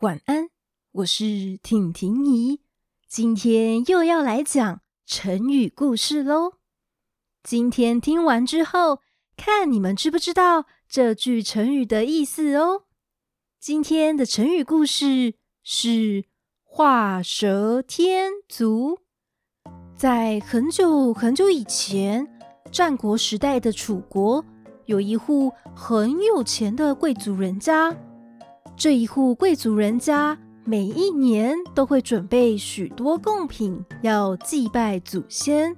晚安，我是婷婷姨，今天又要來講成語故事嘍。今天聽完之後，看你們知不知道這句成語的意思哦。今天的成語故事是畫蛇添足。在很久很久以前，戰國時代的楚國，有一戶很有錢的貴族人家。這一戶貴族人家每一年都會準備許多貢品，要祭拜祖先，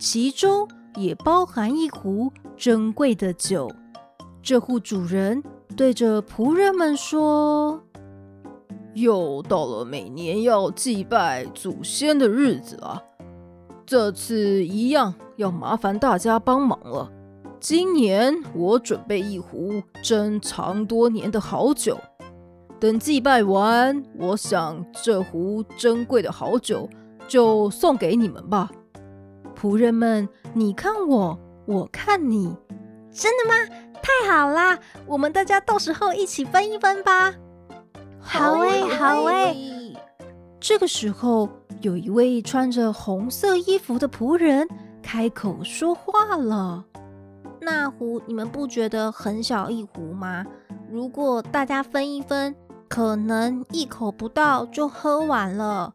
其中也包含一壺珍貴的酒。這戶主人對着僕人們說：“又到了每年要祭拜祖先的日子了，這次一樣要麻煩大家幫忙了。今年我準備一壺珍藏多年的好酒。”等祭拜完，我想這壺珍貴的好酒就送給你們吧。僕人們，你看我，我看你，真的嗎？太好啦！我們大家到時候一起分一分吧。好誒，好誒。這個時候，有一位穿着紅色衣服的僕人開口說話了：“那壺你們不覺得很小一壺嗎？如果大家分一分。”可能一口不到就喝完了。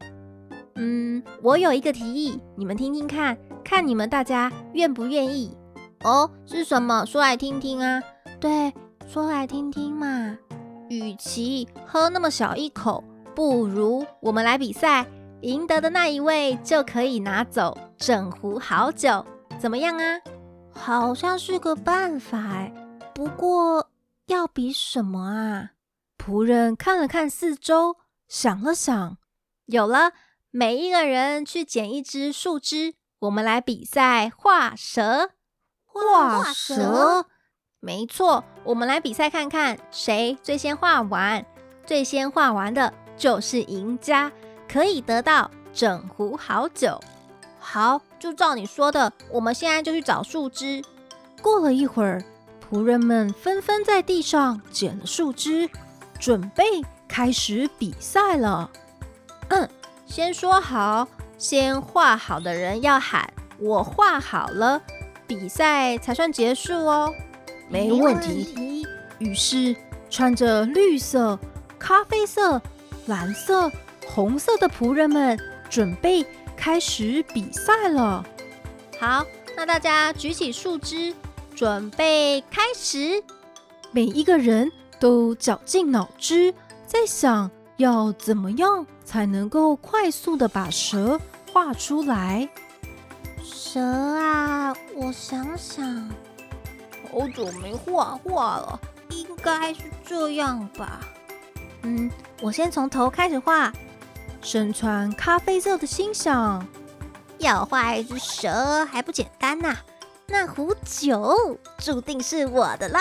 嗯，我有一個提議，你們聽聽看，看你們大家願不願意？哦，是什麼？說來聽聽啊。對，說來聽聽嘛。與其喝那麼小一口，不如我們來比賽，贏得的那一位就可以拿走整壺好酒，怎麼樣啊？好像是個辦法哎，不過要比什麼啊？僕人看了看四周，想了想，有了，每一個人去撿一只樹枝，我們來比賽畫蛇，畫蛇。畫蛇？沒錯，我們來比賽看看誰最先畫完，最先畫完的就是贏家，可以得到整壺好酒。好，就照你說的，我們現在就去找樹枝。過了一會兒，僕人們紛紛在地上撿了樹枝。準備開始比賽了。嗯，先說好，先畫好的人要喊“我畫好了”，比賽才算結束哦。沒問題。於是，穿着綠色、咖啡色、藍色、紅色的僕人們準備開始比賽了。好，那大家舉起樹枝，準備開始。每一個人。都絞盡腦汁在想，要怎麼樣才能夠快速地把蛇畫出來？蛇啊，我想想，好久沒畫畫了，應該是這樣吧。嗯，我先從頭開始畫。身穿咖啡色的心想，要畫一隻蛇還不簡單吶？啊？那壺酒注定是我的啦！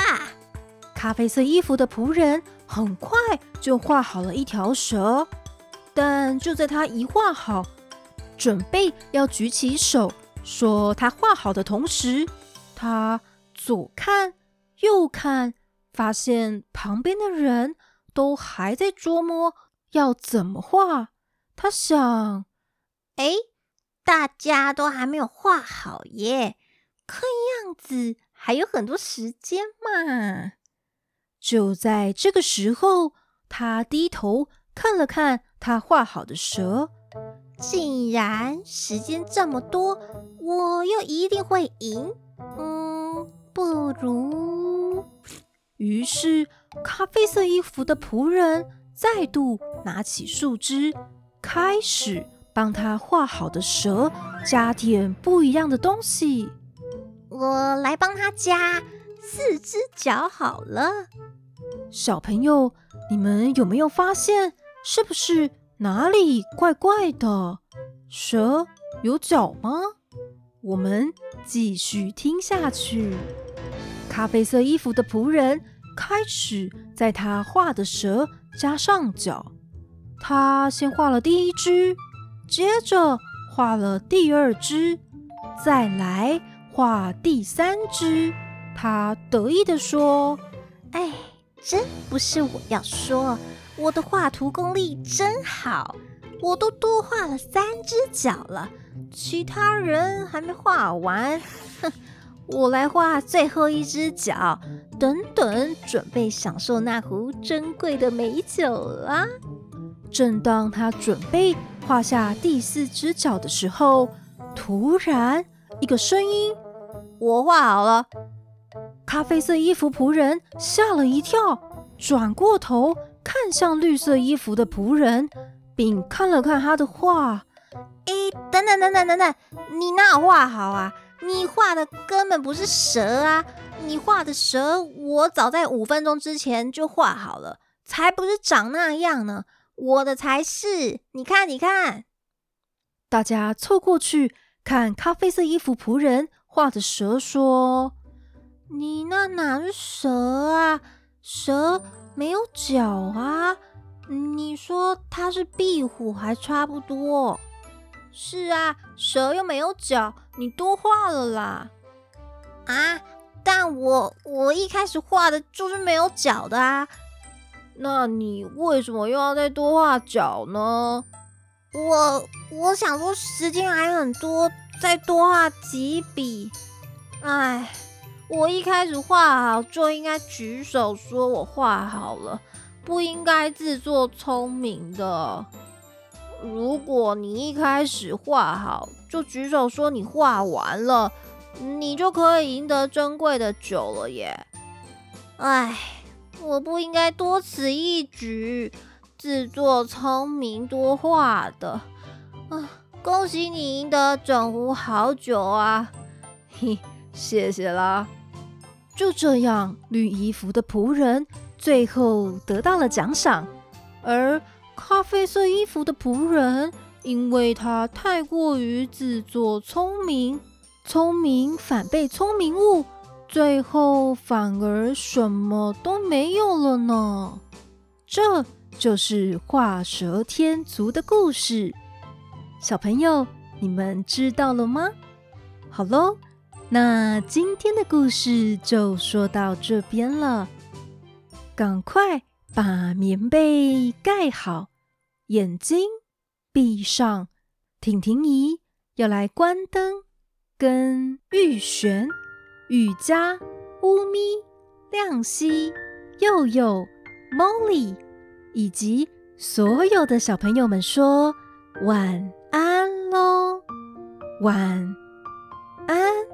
咖啡色衣服的僕人很快就畫好了一條蛇，但就在他一畫好，準備要舉起手說他畫好的同時，他左看右看，發現旁邊的人都還在琢磨要怎麼畫。他想：“哎，大家都還沒有畫好耶，看樣子還有很多時間嘛。”就在這個時候，他低頭看了看他畫好的蛇，既然時間這麼多，我又一定會贏。嗯，不如……於是咖啡色衣服的僕人再度拿起樹枝，開始幫他畫好的蛇加點不一樣的東西。我來幫他加四隻腳好了。小朋友，你們有沒有發現，是不是哪裡怪怪的？蛇有腳嗎？我們繼續聽下去。咖啡色衣服的僕人開始在他畫的蛇加上腳。他先畫了第一隻，接着畫了第二隻，再來畫第三隻。他得意地說：“哎。”真不是我要說，我的畫圖功力真好，我都多畫了三隻腳了，其他人還沒畫完，哼，我來畫最後一隻腳，等等，準備享受那壺珍貴的美酒了。正當他準備畫下第四隻腳的時候，突然一個聲音：“我畫好了。”咖啡色衣服僕人嚇了一跳，轉過頭看向綠色衣服的僕人，並看了看他的畫。哎、欸，等等等等等等，你哪有畫好啊？你畫的根本不是蛇啊！你畫的蛇，我早在五分鐘之前就畫好了，才不是長那樣呢。我的才是，你看，你看。大家湊過去看咖啡色衣服僕人畫的蛇，說。你那哪是蛇啊？蛇沒有腳啊！你說它是壁虎還差不多。是啊，蛇又沒有腳，你多畫了啦。啊！但我我一開始畫的就是沒有腳的啊。那你為什麼又要再多畫腳呢？我我想說時間還很多，再多畫幾筆。哎。我一開始畫好就應該舉手說“我畫好了”，不應該自作聰明的。如果你一開始畫好就舉手說“你畫完了”，你就可以贏得珍貴的酒了耶！哎，我不應該多此一舉，自作聰明多畫的。啊、呃，恭喜你贏得整壺好酒啊！嘿，謝謝啦。就這樣，綠衣服的僕人最後得到了獎賞，而咖啡色衣服的僕人，因為他太過於自作聰明，聰明反被聰明誤，最後反而什麼都沒有了呢。這就是畫蛇添足的故事。小朋友，你們知道了嗎？好嘍。那今天的故事就說到這邊了，趕快把棉被蓋好，眼睛閉上，婷婷姨要來關燈，跟芋嫙、芋嘉、嗚咪、倞希、宥宥、Molly 以及所有的小朋友們說晚安嘍，晚安。